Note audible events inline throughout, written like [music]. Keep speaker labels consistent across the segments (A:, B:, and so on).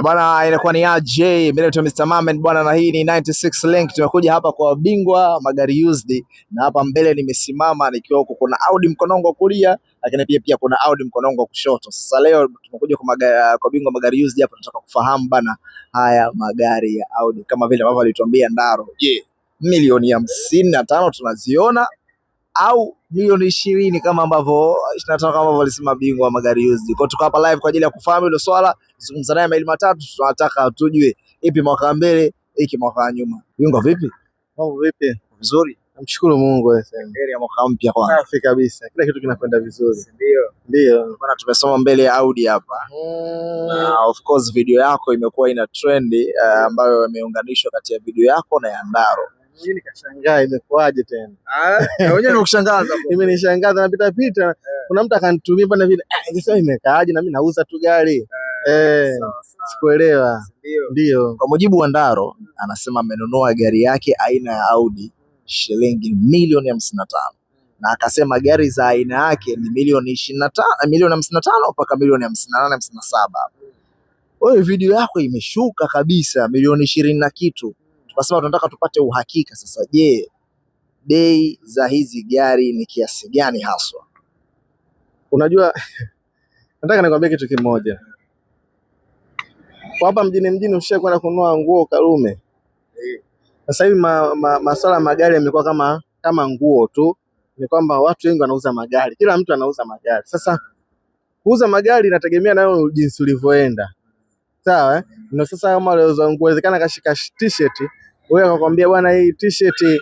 A: Eh, bwana inakuwa ni AJ Mileto Mr. Mamen bwana, na hii ni 96 Link. Tumekuja hapa kwa bingwa magari used, na hapa mbele nimesimama nikiwa huko, kuna Audi mkonongo kulia, lakini pia pia kuna Audi mkonongo kushoto. Sasa leo tumekuja kwa magari, kwa bingwa magari used hapa, tunataka kufahamu bana haya magari ya Audi kama vile ambavyo alituambia Ndaro. Je, yeah, milioni hamsini na tano tunaziona au milioni ishirini kama ambavyo ishirini na tano kama ambavyo alisema bingwa wa magari used. Kwa tuko hapa live kwa ajili ya kufahamu hilo swala, zungumza naye maili matatu, tunataka tujue ipi mwaka wa mbele, iki mwaka wa nyuma. Bingwa vipi?
B: Mambo vipi? Vizuri. Namshukuru Mungu
A: mbele ya mwaka mpya kwa.
B: Safi kabisa. Kila kitu kinakwenda vizuri. Ndio. Ndio.
A: Bwana tumesoma mbele ya Audi hapa.
B: Mm.
A: Na of course video yako imekuwa ina trend eh, ambayo uh, imeunganishwa kati ya video yako na ya Ndaro.
B: Mimi nikashangaa imekuaje tena. [laughs] Ah, wewe
A: napita pita, eh. kuna mtu akanitumia vile, ah, imekaaje na mimi nauza tu gari. Eh, eh sikuelewa. Ndio. Kwa mujibu wa Ndaro, anasema amenunua gari yake aina ya Audi shilingi milioni hamsini na tano na akasema gari za aina yake ni milioni ishirini na tano eh, milioni hamsini na tano mpaka milioni hamsini na nane hamsini na saba Wewe video yako imeshuka kabisa milioni ishirini na kitu Wasema tunataka tupate uhakika sasa. Je, bei za hizi gari ni kiasi gani haswa?
B: Unajua, [laughs] nataka nikwambie kitu kimoja kwa hapa mjini mjini, ushae kwenda kununua nguo Karume. Eh. Sasa hivi ma, ma, masuala ya magari yamekuwa kama kama nguo tu, ni kwamba watu wengi wanauza magari, kila mtu anauza magari. Sasa kuuza magari inategemea nayo jinsi ulivyoenda, sawa eh? Na sasa kama aliuza nguo, inawezekana kashika t-shirt wewe akakwambia bwana, hii t-shirt eh,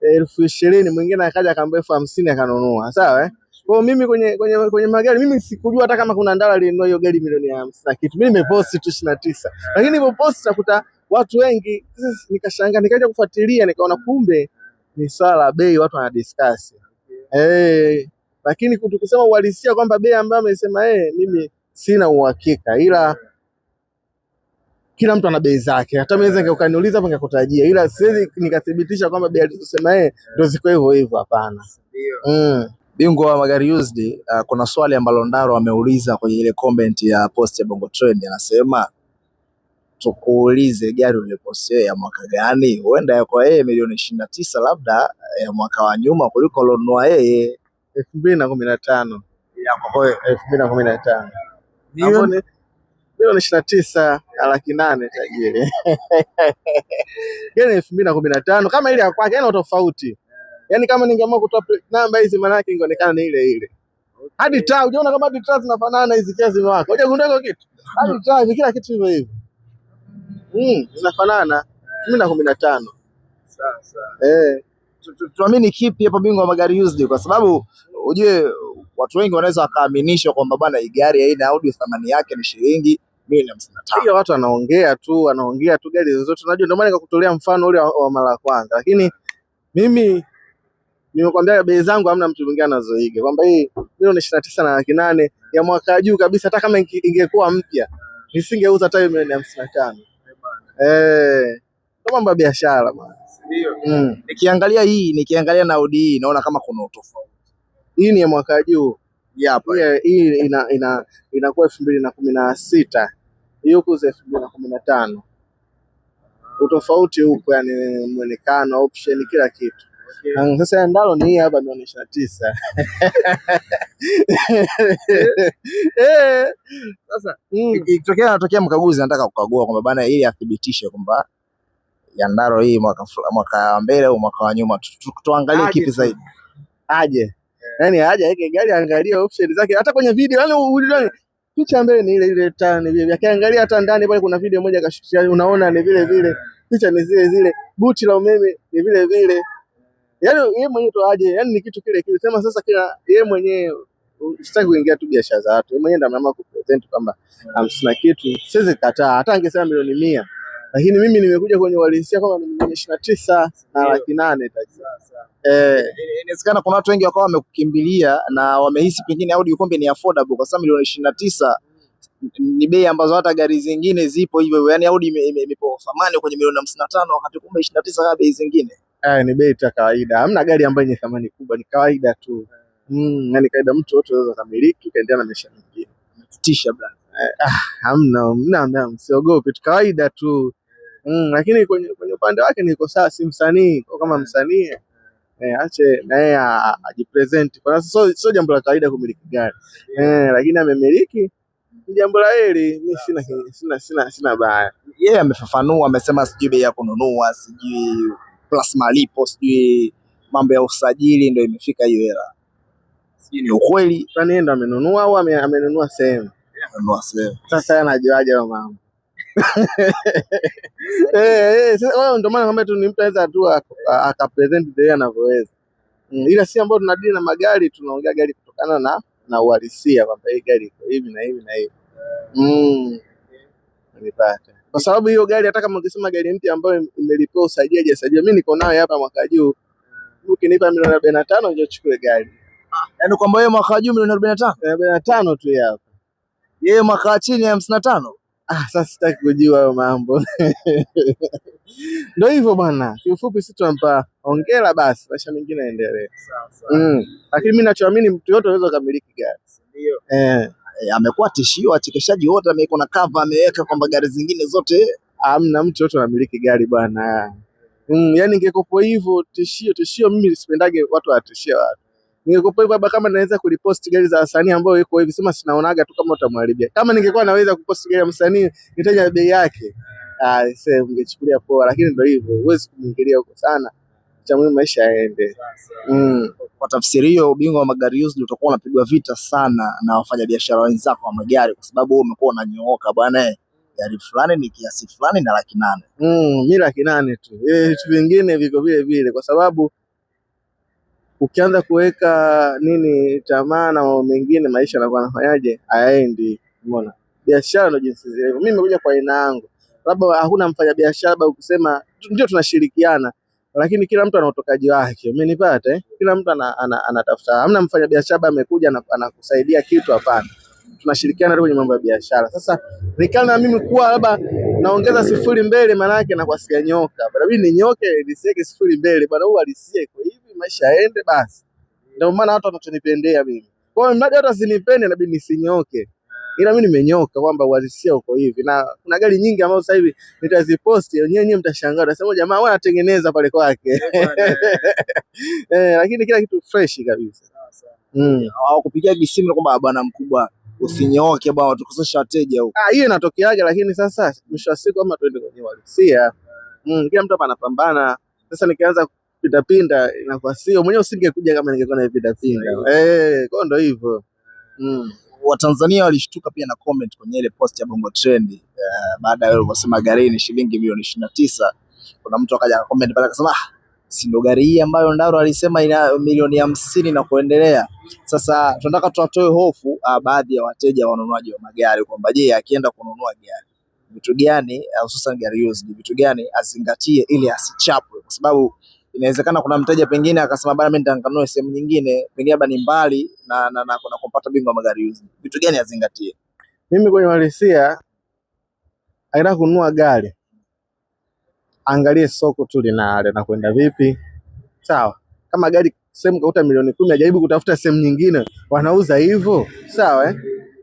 B: elfu ishirini, mwingine akaja akaambia elfu hamsini akanunua. Sawa eh? Kwa mimi kwenye, kwenye, kwenye magari mimi sikujua hata kama kuna Ndala alinunua hiyo gari milioni hamsini na kitu. Mimi nimeposti tu ishirini na tisa, lakini hivyo posti nakuta watu wengi. Nikashangaa, nikaja kufuatilia, nikaona kumbe ni swala la bei, watu wanadiscuss eh, hey, lakini tukisema uhalisia kwamba bei ambayo amesema yeye, eh, mimi sina uhakika ila kila mtu ana bei zake. Hata mimi naweza eh. ukaniuliza hapa nikakutajia, ila siwezi nikathibitisha kwamba bei alizosema yeye eh. ndio ziko hivyo hivyo, hapana. Mm.
A: Bingwa wa magari used, uh, kuna swali ambalo Ndaro ameuliza kwenye ile comment ya post ya Bongo Trend, anasema tukuulize gari uliposea ya mwaka gani? Huenda yako yeye milioni ishirini na tisa labda eh, ya mwaka wa nyuma kuliko lonua yeye
B: elfu mbili na kumi na tano
A: elfu mbili na kumi na tano
B: milioni ishirini na tisa na laki nane tajiri gani [laughs] elfu mbili na kumi na tano kama ile ya kwake, yana tofauti yaani Kama ningeamua kutoa namba hizi, maana yake ingeonekana ni ile ile. Hadi taa, unaona kama hadi taa zinafanana hizi, kia zimewaka, hujagundua hiyo kitu? [laughs] Hadi taa ni kila kitu hivyo hivyo, mm, zinafanana. elfu na kumi na tano sasa eh
A: tuamini kipi hapo, bingwa wa magari used? Kwa sababu ujue watu wengi wanaweza wakaaminisha kwamba bwana, hii gari haina Audi, thamani yake ni shilingi
B: hiyo watu wanaongea tu wanaongea tu gari zote, unajua ndio maana nikakutolea mfano ule wa, mara ya kwanza, lakini mimi nimekwambia bei zangu hamna mtu mwingine anazoiga, kwamba hii milioni ishirini na tisa na laki nane ya mwaka juu kabisa, hata kama ingekuwa mpya nisingeuza hata hiyo milioni hamsini na tano eh, ndio mambo ya biashara bwana. Mm. Nikiangalia hii nikiangalia na Audi hii naona kama kuna utofauti. Hii ni ya mwaka juu. Hii ina inakuwa elfu mbili na kumi na sita yuko elfu mbili na kumi na tano utofauti huko, yani mwonekano, option, kila kitu. Sasa ndalo ni hapa, ni ishirini na tisa. [laughs] Eh, eh. Sasa mm.
A: ikitokea anatokea mkaguzi anataka kukagua kwamba bana, ili athibitishe kwamba Yandaro hii mwaka mwaka mbele au mwaka wa nyuma, tuangalie kipi zaidi,
B: aje yani aje aweke gari, angalie option zake, hata kwenye video yaani yani picha mbele ni ile ile tani vile. Akiangalia hata ndani pale kuna video moja kashukia, unaona ni vile vile, picha ni zile zile, buti la umeme ni vile vile. Yani yeye mwenyewe tu aje, yani ni kitu kile kile. Sema sasa kila yeye mwenyewe sitaki kuingia tu biashara za watu. Yeye mwenyewe ndio ameamua kupresent kwamba amsina kitu. Siwezi kataa. Hata angesema milioni mia lakini mimi nimekuja kwenye uhalisia kwamba ni milioni ishirini na tisa na laki nane. Eh.
A: Inawezekana kuna watu wengi wakawa wamekukimbilia na wamehisi pengine Audi Kombi ni affordable kwa sababu milioni ishirini na tisa mm. ni bei ambazo hata gari zingine zipo hivyo, yani Audi imepo thamani kwenye milioni hamsini na tano wakati kumbe ishirini na tisa kama bei zingine.
B: eh, ni bei ya kawaida, hamna gari ambayo yenye thamani kubwa, ni kawaida tu. Eh. Mm, yani kawaida mtu wote anaweza kumiliki kaendelea na maisha mengine.
A: Ametutisha bwana.
B: Eh, Ah, hamna, msiogope, tu kawaida tu mm, lakini kwenye, kwenye upande wake niko sawa, si msanii kama eh. msanii eh, ache na yeye ajipresent, kwa sababu so, sio jambo la kawaida kumiliki gari eh, lakini amemiliki ni jambo la heri, mi sina sina sina sina baya.
A: Yeye yeah, amefafanua amesema, sijui bei ya kununua, sijui plus malipo, sijui mambo ya usajili, ndio imefika hiyo hela. Sijui ni ukweli,
B: kwani yeye ndo amenunua au amenunua sehemu?
A: Amenunua sehemu.
B: Sasa yeye anajuaje hayo [laughs] Eh, eh, ndio maana naomba tu ni mtu anaweza tu akapresent the way anavyoweza, mm, ila si ambao tunadili na magari, tunaongea gari kutokana na na uhalisia kwamba hii gari iko hivi na hivi na hivi mm. kwa sababu hiyo gari, hata kama ukisema gari mpya ambayo imelipewa usajili hajasajiliwa, mimi niko nayo hapa mwaka juu, ukinipa milioni arobaini na tano ndio chukue gari. Yaani kwamba yeye mwaka juu milioni arobaini na tano
A: arobaini na tano tu hapa,
B: yeye mwaka chini ya hamsini na tano
A: Ah, sasa sitaki kujua hayo mambo
B: ndo hivyo bwana. Kiufupi, si tunampa hongera basi, maisha mengine yaendelee. Mm. Lakini mi nachoamini mtu yote anaweza kukamiliki gari eh. eh. amekuwa tishio wachekeshaji wote, ameko na cover ameweka kwamba gari zingine zote amna mtu yote anamiliki gari bwana. Mm, yani ingekopo hivyo tishio tishio, mimi sipendage watu watishie watu Ningekuwa hivyo kama naweza kulipost gari za wasanii ambao iko hivi, sema sinaonaga tu kama utamharibia. Kama ningekuwa naweza kupost gari ya msanii nitaja bei yake, ah, sasa ungechukulia poa, lakini ndio hivyo, huwezi kumwingilia huko sana. Cha muhimu maisha yaende. Mm.
A: Kwa tafsiri hiyo, ubingwa wa magari used utakuwa unapigwa vita sana na wafanyabiashara wenzako wa magari, kwa sababu wewe umekuwa unanyooka bwana eh. gari fulani ni kiasi fulani na laki nane.
B: Mm, mi laki nane tu. Eh, vitu vingine viko vile vile kwa sababu ukianza kuweka nini tamaa na mambo mengine, maisha yanakuwa anafanyaje, hayaendi. Umeona, biashara ndio jinsi zile. Mimi nimekuja kwa aina yangu, labda hakuna mfanya biashara labda ukisema ndio tunashirikiana, lakini kila mtu ana utokaji wake, umenipata eh? Kila mtu anatafuta, hamna mfanya biashara amekuja anakusaidia kitu, hapana tunashirikiana kwenye mambo ya biashara. Sasa nikana mimi kuwa labda naongeza sifuri mbele, maana yake na kwasikia nyoka bwana, mimi ni nyoka niseke sifuri mbele bwana, huwa alisie kwa maisha yaende basi. Ndio maana watu wanachonipendea mimi. Kwa hiyo mradi watu wasinipende, inabidi nisinyoke, ila mimi nimenyoka kwamba uhalisia uko hivi, na kuna gari nyingi ambazo sasa hivi nitaziposti, wenyewe nyewe mtashangaa, utasema oh, jamaa wao anatengeneza pale kwake [laughs] eh, lakini kila kitu fresh kabisa.
A: Sawa. Mm. Hawakupigia kisimu kwamba ah, bwana mkubwa usinyoke bwana, tukosesha wateja huko.
B: Ah, hiyo inatokeaje? Lakini sasa mwisho wa siku ama tuende kwenye uhalisia. Mm, kila mtu hapa anapambana. Sasa nikianza pitapinda inakuwa sio mwenyewe, usingekuja kama ningekuwa na pitapinda eh, kwa ndo hivyo
A: mm. Watanzania walishtuka pia na comment kwenye ile post ya Bongo Trend uh, baada ya kusema gari ni shilingi milioni ishirini na tisa. Kuna mtu akaja comment pale akasema, ah, si ndo gari hii ambayo Ndaro alisema ina milioni hamsini na kuendelea. Sasa tunataka tuwatoe hofu uh, baadhi ya wateja wanunuaji wa magari kwamba je, akienda kununua gari vitu gani ah, hususan uh, gari used vitu gani azingatie ili asichapwe kwa sababu inawezekana kuna mteja pengine akasema bana, mimi nitakanunua sehemu nyingine, pengine bana ni mbali na na, na kuna kupata bingwa magari hizi, vitu gani azingatie?
B: Mimi kwenye uhalisia, akitaka kununua gari angalie soko tu linale na kwenda vipi, sawa. Kama gari sehemu kauta milioni kumi, ajaribu kutafuta sehemu nyingine wanauza hivyo, sawa eh?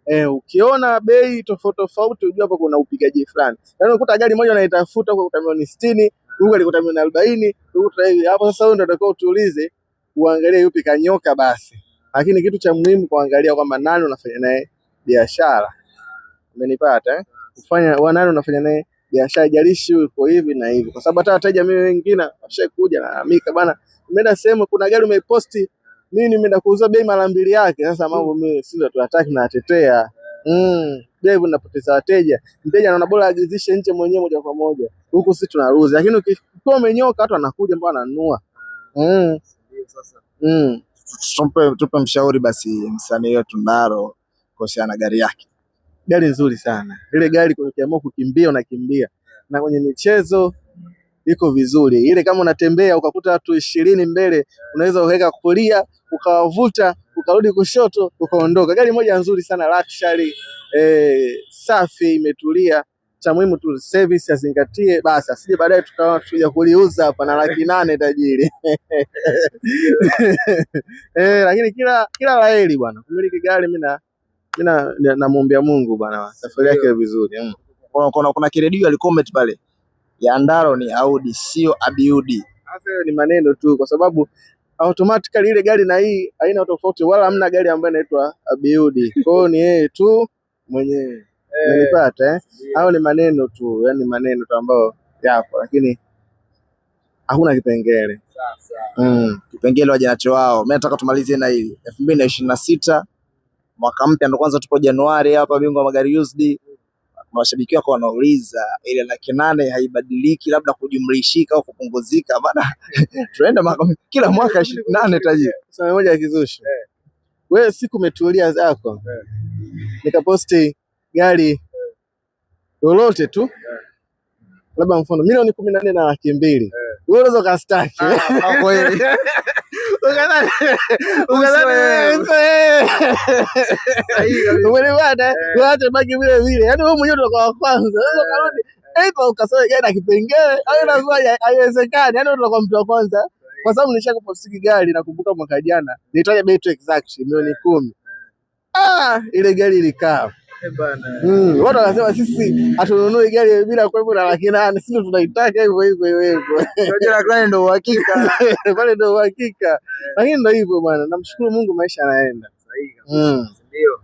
B: E, ukiona bei tofauti tofauti ujue hapo kuna upigaji fulani. Yaani unakuta gari moja unaitafuta kwa kuta milioni sitini huko alikuta milioni arobaini huko hivi hapo. Sasa wewe ndio utakao utuulize, uangalie yupi kanyoka basi, lakini kitu cha muhimu kuangalia kwamba nani unafanya naye biashara. Umenipata eh? Ufanya wa nani unafanya naye biashara, jalishi uko hivi na hivi, kwa sababu hata wateja mimi wengine washakuja na mika bana, nimeenda sehemu kuna gari umeiposti, mimi nimeenda kuuza bei mara mbili yake. Sasa mambo mimi sisi tunataka na tetea Mm, bila napoteza wateja. Mteja anaona bora ajizishe nje mwenyewe moja kwa moja. Huku sisi tunaruzi, lakini ukikuwa umenyoka watu wanakuja mpaka wananunua. Mm. Mm.
A: tupe mshauri basi msanii wetu Ndaro kuhusiana na gari yake.
B: Gari nzuri sana. Ile gari ukiamua kukimbia unakimbia. Na kwenye michezo iko vizuri. Ile kama unatembea ukakuta watu ishirini mbele, unaweza uweka kulia ukawavuta ukarudi kushoto ukaondoka. Gari moja nzuri sana luxury, eh, safi, imetulia. Cha muhimu tu service azingatie basi, asije baadaye tukawa tuja kuliuza hapa na laki nane tajiri [laughs] eh, lakini kila kila laheri bwana kumiliki gari. Mimi na namwombea Mungu bwana, safari yake vizuri. Mm.
A: Kuna kuna, kuna kiredio alikomenti pale ya Ndaro ni Audi, sio abiudi.
B: Sasa hiyo ni maneno tu, kwa sababu automatically ile gari na hii haina tofauti, wala hamna gari ambayo inaitwa abiudi. Kwa hiyo ni yeye tu mwenyewe eh. nilipata eh, Hayo ni maneno tu, yani maneno tu ambayo yapo, lakini hakuna kipengele mm,
A: kipengele waje nacho wao. Mimi nataka tumalizie na hili elfu mbili na ishirini na sita mwaka mpya ndo kwanza tupo Januari hapa, bingwa magari used mashabiki wako wanauliza ile laki nane haibadiliki labda kujumlishika au kupunguzika, maana [laughs] tunaenda kila mwaka ishirini nane tajiri.
B: Sema moja ya kizushi eh. wewe, siku umetulia zako, eh. nikaposti gari eh. lolote tu, labda mfano milioni kumi na nne na laki mbili unaweza ukastaki ah, ah, ah, kweli [laughs] umelimana eh? eh. baki vile vile, yaani wewe mwenyewe ndo kwa kwanza unaweza eh. karudi gari na kipengele au inakuwa haiwezekani, yaani mtu wa kwanza, kwa sababu nilisha kupostiki gari, nakumbuka mwaka jana bei tu exact milioni kumi. Ah, ile gari ilikaa Eh, mm, watu wanasema sisi hatununui gari bila kuwepo na laki nane, sisi tunaitaka hivyo hivyo iwepo.
A: Unajua ndio uhakika.
B: Pale [laughs] ndio uhakika. Eh. Lakini ndio hivyo bwana, namshukuru Mungu maisha yanaenda. Mm.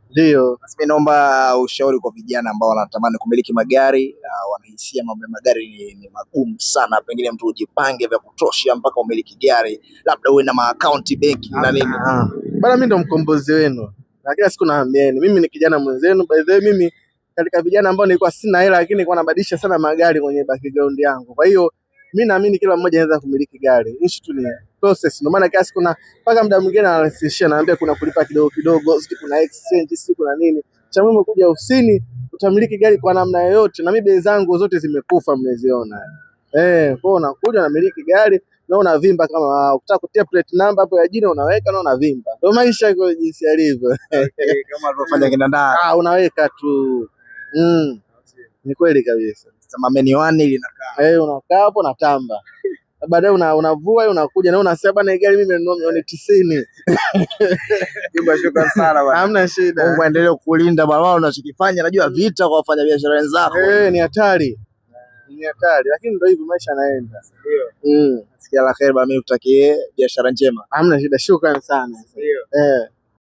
B: Ndio.
A: mimi naomba ushauri kwa vijana ambao wanatamani kumiliki magari, na wanahisia mambo ya magari ni, ni magumu sana. Pengine mtu ujipange vya kutosha mpaka umiliki gari, labda uwe na maakaunti benki na nini. Ah, ah.
B: Bana, mimi ndo mkombozi wenu na kila siku naambieni, mimi ni kijana mwenzenu. By the way, mimi katika vijana ambao nilikuwa sina hela, lakini nilikuwa nabadilisha sana magari kwenye background yangu. Kwa hiyo mimi naamini kila mmoja anaweza kumiliki gari, ishi tu ni process. Ndio maana kila siku na mpaka muda mwingine anarahisishia, naambia kuna kulipa kidogo kidogo, sisi kuna exchange, sisi kuna nini cha muhimu, kuja ofisini utamiliki gari kwa namna yoyote, na mimi bei zangu zote zimekufa, mmeziona eh. Kwa hiyo unakuja miliki gari na unavimba kama ah, ukitaka kutia plate number hapo ya jina unaweka na unavimba. Ndio maisha yako jinsi yalivyo. [laughs]
A: kama alivyofanya kinanda.
B: Ah, unaweka tu. Mm. Ni kweli kabisa.
A: Sema meniwani linakaa.
B: Eh, unakaa hapo na tamba. Baadaye una unavua unakuja na unasema bana gari mimi nimenunua milioni 90.
A: Jumba [laughs] shukrani sana
B: bwana. Hamna shida.
A: Mungu aendelee kukulinda bwana, unachokifanya najua vita kwa wafanyabiashara wenzako.
B: Eh, ni hatari ni hatari, lakini ndio hivyo, maisha yanaenda. Ndio. Mm.
A: Sikia la kheri, bamekutakie biashara njema.
B: Hamna shida, shukrani sana. Ndio. Eh.